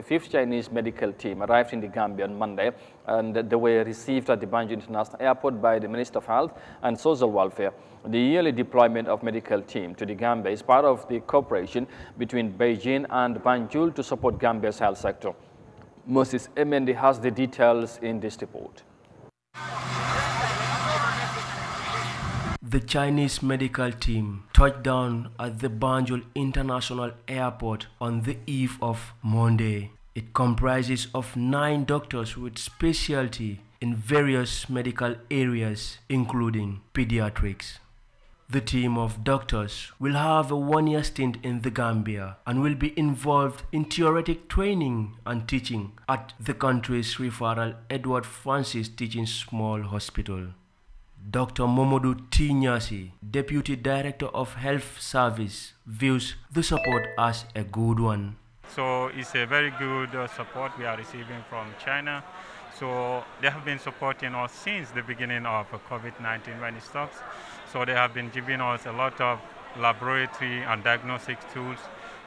the 5th Chinese medical team arrived in the Gambia on Monday, and they were received at the Banjul International Airport by the Minister of Health and Social Welfare. The yearly deployment of medical team to the Gambia is part of the cooperation between Beijing and Banjul to support Gambia's health sector. Moses Emendi has the details in this report. The Chinese medical team touched down at the Banjul International Airport on the eve of Monday. It comprises of nine doctors with specialty in various medical areas, including pediatrics. The team of doctors will have a one-year stint in the Gambia and will be involved in theoretic training and teaching at the country's referral Edward Francis Teaching Small Hospital. Dr. Momodu T. Nyasi, Deputy Director of Health Service, views the support as a good one. So it's a very good uh, support we are receiving from China. So they have been supporting us since the beginning of COVID-19 when it starts. So they have been giving us a lot of laboratory and diagnostic tools,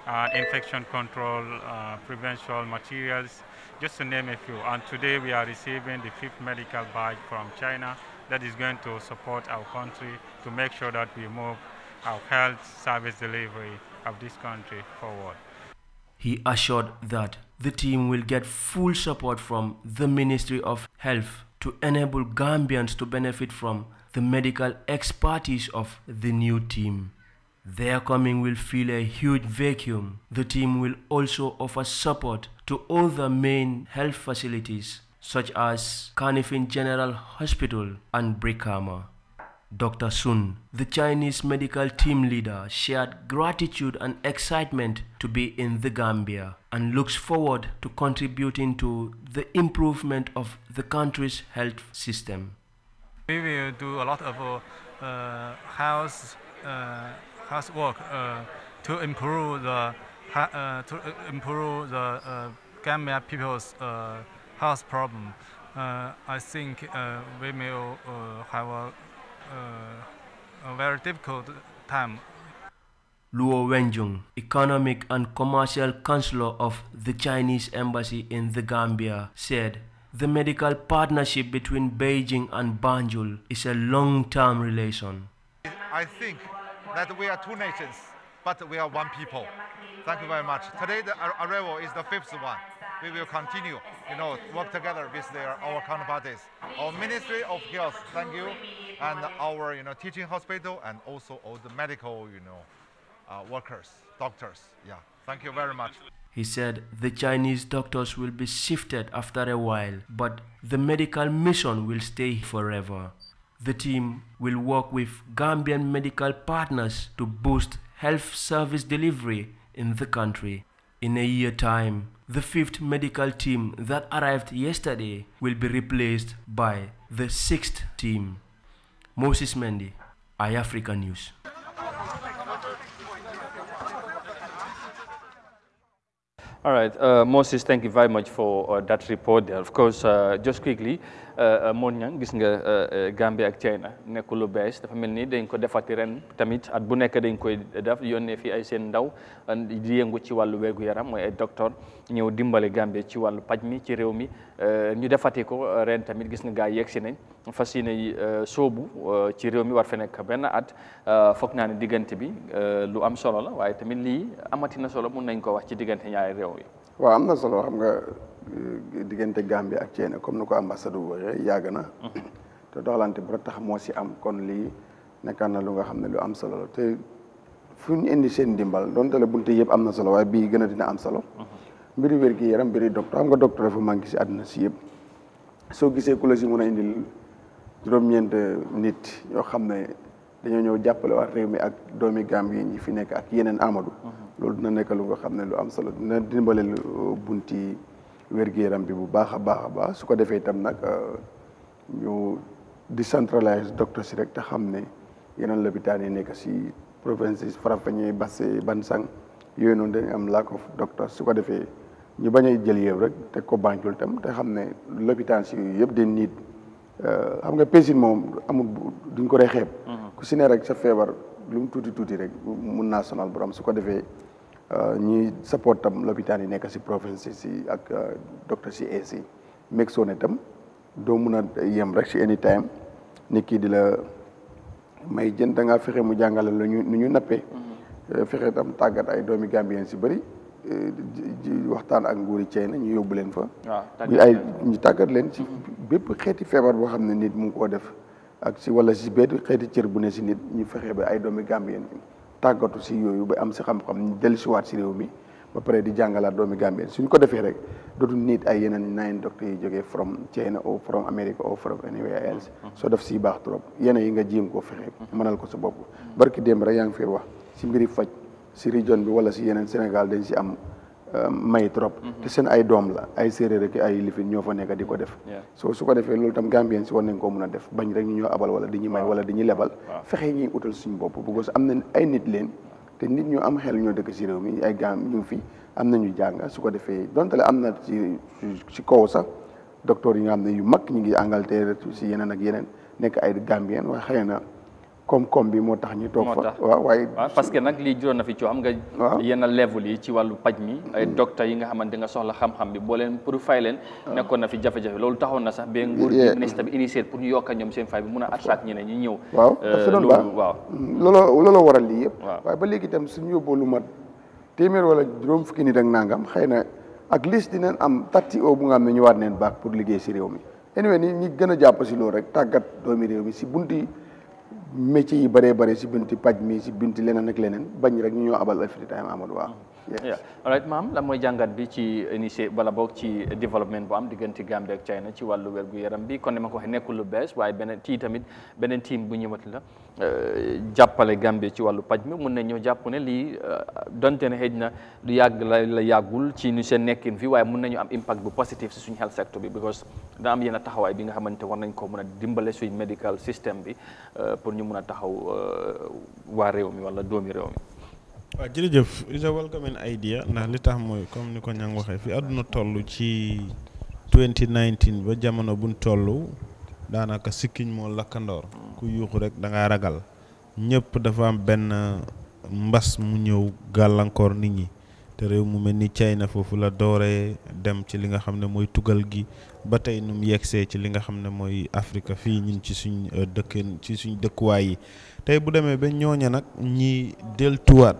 uh, infection control, uh, prevention materials, just to name a few. And today we are receiving the fifth medical bag from China that is going to support our country to make sure that we move our health service delivery of this country forward. He assured that the team will get full support from the Ministry of Health to enable Gambians to benefit from the medical expertise of the new team. Their coming will fill a huge vacuum. The team will also offer support to all the main health facilities such as Carnifin General Hospital and Brickhammer. Dr. Sun, the Chinese medical team leader, shared gratitude and excitement to be in the Gambia and looks forward to contributing to the improvement of the country's health system. We will do a lot of uh, health, uh, health work uh, to improve the, uh, to uh, improve the uh, Gambia people's health problem, uh, I think uh, we may uh, have a, a very difficult time Luo Wenjung, economic and commercial counselor of the Chinese embassy in the Gambia, said the medical partnership between Beijing and Banjul is a long-term relation. I think that we are two nations, but we are one people. Thank you very much. Today the arrival is the fifth one we will continue, you know, work together with their, our counterparties. Our Ministry of Health, thank you, and our, you know, teaching hospital, and also all the medical, you know, uh, workers, doctors. Yeah, thank you very much. He said the Chinese doctors will be shifted after a while, but the medical mission will stay forever. The team will work with Gambian medical partners to boost health service delivery in the country in a year time. The fifth medical team that arrived yesterday will be replaced by the sixth team. Moses Mendy, iAfrica News. All right, uh, Moses, thank you very much for uh, that report there. Of course, uh, just quickly, uh, uh, moon ñang gis nga uh, Gambia ak China nekkul lu bees dafa mel ni dañ ko defati ren tamit at bu nekk dañ koy def yónnee fii ay seen ndaw di yëngu ci wàllu wérgu yaram mooy ay docteur ñëw dimbale Gambia ci wàllu paj mi ci réew mi Euh, ñu defati ko euh, ren tamit gis na gaa yi si nañ fas yéene euh, soobu ci réew mi war fe nekk benn at foog naa ne diggante bi lu am solo la waaye tamit lii amatina solo mun nañ ko wax ci diggante ñaari réew yi. waaw am na solo xam nga diggante Gambie ak Ceene comme ni ko ambassadeur waxee yàgg na. Mm-hmm. te doxalante bu tax moo si am kon lii nekkaan na lu nga xam ne lu am solo te fu ñu indi seen dimbal donte la bunte yëpp am na solo waaye bi gën a dina am solo. Mm-hmm. mbiri wer gi yaram mbiri docteur am nga docteur fa manqué ci aduna ci yeb so gisee ko la ci mën indil juróom-ñeent nit yo xamne dañu dañoo jappale jàppale waat mi ak doomi Gàmbi yi ñi fi nek ak yenen Amadou. Mhm. lolou dina nek lu nga xamne lu am solo dina dimbalel bunti wer gi yaram bi bu baaxa baaxa ba su ko defee tam nak euh, ñu decentralize docteur si rek ta xamne yenen yi nek ci provinces Bansang yooyu noonu am lack of docteur su ko defee ñu baña jël yew rek tek ko bankul tam te xamne ne l'hôpital ci yeb de nit euh, xam nga pesin mom amul duñ ko rexeb mhm. ku si ne rek sa feebar lu mu tuti rek mun national borom su ko euh ñi support tam l'hôpital yi nek ci province si ak euh, docteur si AC mexone tam do mëna yem rek si anytime. time nit kii di la may jënd da ngaa mu jangal lu ñu ñu mhm. euh, tam tagat ay doomi gambien si bari waxtaan ak nguuri Chine ñu yóbbu leen fa. waaw ay ñu tàggat leen ci bépp xeeti feebar boo xam nit mu ngi def ak si wala si bépp xeeti cër bu ne si nit ñu fexe ba ay doomi Gambien tàggatu si yooyu ba am si xam-xam ñu dellusiwaat si réew mi ba pare di jàngalaat doomi Gambien suñ ko defee rek dootul nit ay yeneen nine docteurs yi jógee from China ou from America ou from anywhere else mm-hmm. soo def si baax trop yeneen yi nga jéem koo fexe. mënal ko sa bopp barki démb rek yaa ngi wax mbiri si région bi wala si yeneen Sénégal dañ si am euh, may trop mm-hmm. te seen ay doom la ay séeréer ak ay lifin ñoo fa nekk di ko def soo su ko defee loolu tam Gambien si war nañ koo mun a def bañ rek ñu ñoo abal wala di ñu may wala di ñu lebal fexe ñuy utal suñ bopp bu am na ay nit leen te nit ñu am xel ñoo dëkk si réew mi ay gaam ñu fi am nañu jàng su ko defee donte am na ci si kaw sax docteur yi nga xam ne yu mag ñu ngi Angleterre si yeneen ak yeneen nekk ay Gambien waaye xëy na kom kom bi moo tax ñu toog fa way parce que nak li juróon na fi ci am nga yena level yi ci walu paj mi ay mm. docteur yi nga xamanteni nga soxla xam-xam bi bo len pour fay leen ah. nekkoon na fi jafé jafé loolu taxon na sax be nguur bi ministre bi initier pour ñu yok ak ñom seen fay bi mëna attaque ñene ñi ñew waaw su euh, doon mm, waral li yépp way ba légui tam suñu yóbboo lu mat témir wala juroom fukki nit ak nangam xeyna ak liste dinañ am tatti o bu nga am ñu waat neen baax pour liggéey ci réew mi anyway ni ñi gëna japp ci lool rek tagat doomi réew mi ci bunti métiers yi bëree bëri si binti paj mi si binti leneen ak leneen bañ rek ñu ñoo abal Alfayda Time Amadou Ba yeah all right maam la mooy jàngat bi ci initié wala boog ci développement boo am diggante Gambie ak China ci wàllu wér gu yaram bi kon ni ma ko waxee nekkul lu bees waaye beneen tii tamit beneen tiim bu ñëwati la euh, jàppale Gambie ci wàllu paj mi mun na ñëw jàpp ne lii euh, donte ne xëj na du yàgg la la yàggul ci nu seen nekkin fi waaye mun nañu am impact bu positif si suñu health sector bi because da am yenn taxawaay bi nga xamante war nañ ko mun a dimbale suñ medical system bi euh, pour ñu mun a taxaw waa réew mi wala doomi réew mi waa jërëjëf is a welcome idea ndax li tax mooy comme ni ko ñang waxee fi àdduna tollu ci 2019 ba jamono buñ tollu daanaka sikkiñ moo lakkandoor ku yuuxu rek da ngaa ragal ñëpp dafa am benn mbas mu ñëw gàllankoor nit ñi te réew mu mel ni China foofu la doore dem ci li nga xam ne mooy tugal gi ba tey nu mu yegsee ci li nga xam ne mooy Afrique fii ñun ci suñ euh, dëkk ci suñ dëkkuwaay yi tey bu demee ba ñooña nag ñi deltuwaat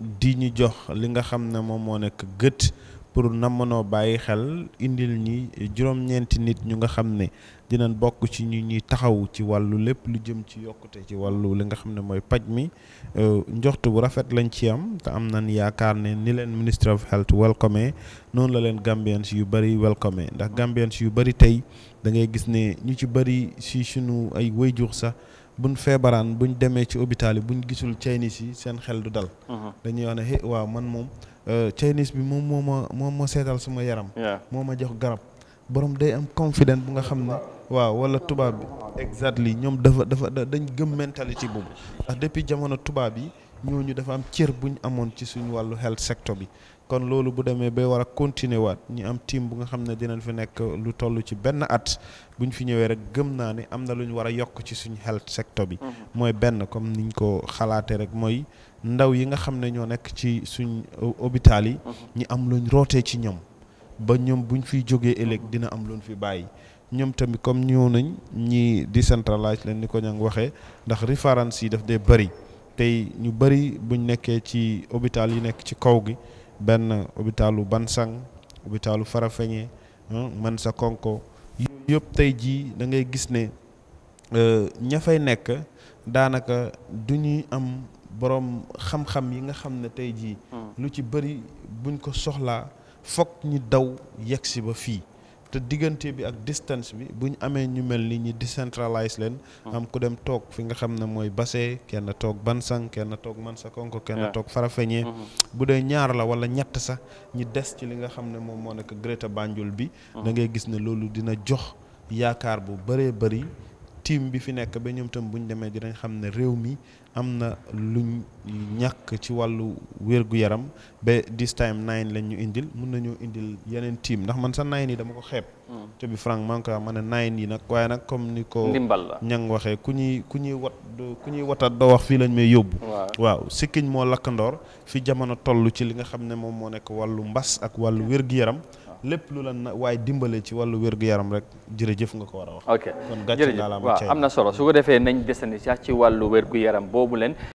di ñu jox li nga xam ne moom moo nekk gët pour namanoo bàyyi xel indil ñi juróom-ñeenti nit ñu nga xam ne dinañ bokk ci ñu ñuy taxaw ci wàllu lépp lu jëm ci yokkute ci wàllu li nga xam ne mooy paj mi euh, njoxtu bu rafet lañ ci am te am na yaakaar ne ni leen ministre of health welcome noonu la leen Gambians yu bëri welcome ndax Gambians yu bëri tey dangay gis ne ñu ci bëri si suñu ay wayjur sax buñ feebaraan bu buñ demee ci hôpital yi buñ gisul Chinese yi seen xel du dal. Uh-huh. dañuy wax ne he waaw man moom euh, Chinese bi moom moo ma moom moo seetal suma yaram. moo ma jox garab borom day am confident bu nga xam na waaw wala tubaab bi exactly ñoom dafa dafa dañ gëm mentalité boobu ndax depuis jamono tubaab yi ñooñu dafa am cër bu ñu amoon ci suñu wàllu health sector bi kon loolu bu demee bay war a continuer waat ñu am team bu nga xam ne dinañ fi nekk lu toll ci benn at bu ñu fi ñëwee rek gëm naa ni am na lu ñu war a yokk ci suñu health sector bi. Mhm. mooy benn comme niñ ko xalaatee rek mooy ndaw yi nga xam ne ñoo nekk ci suñ euh, hôpital yi. Mhm. ñi am luñ rootee ci ñoom. ba ñoom buñ fiy jógee ëllëg mhm. dina am luñ fi bàyyi. ñoom tamit comme ñëw nañ ñi décentralise leen ni ko ñang waxee ndax référence yi daf dee bëri tey ñu bëri buñ nekkee ci hôpital yi nekk ci kaw gi. benn hôpitalu Bansang hôpitalu Farafeñe man sa konko yëpp tey jii dangay gis ne euh, ña fay nekk daanaka du ñuy am borom xam-xam yi nga xam ne tey jii hmm. lu ci bëri buñ ko soxlaa foog ñi daw yegg si ba fii te diggante bi ak distance bi bu ñu amee ñu mel ni ñi décentralise leen. Hmm. am ku dem toog fi nga xam ne mooy Basse kenn toog Bansang kenn toog Mansakonko kenn toog Farafeñe hmm. bu dee ñaar la wala ñett sax ñi des ci li nga xam ne moom moo nekk Greater Banjul bi. Hmm. da ngay gis ne loolu dina jox yaakaar bu bëree bari team bi fi nekk ba ñoom tam bu ñu demee dinañ xam ne réew mi am na luñ ñàkk ci wàllu wér-gu-yaram ba this time nine lañ ñu indil mun nañoo indil yeneen team ndax man sa nine yi dama ko xeeb. Hmm. bi franc man ko ma ne nine nag comme ni ko. ndimbal ñang waxee ku ñuy ku ñuy wat ku ñuy wataat doo wax fii lañ may yóbbu. waaw sikkiñ moo lakkandoor fi jamono toll ci li nga xam ne moom moo nekk wàllu mbas ak wàllu wér-gu-yaram. lépp lu lan na waaye dimbale ci wàllu wér-gu-yaram rek jërëjëf nga ko war a wax. ok jërëjëf kon gàcce naa la am am na solo su ko defee nañ desandi sax ci wàllu wér-gu-yaram boobu leen.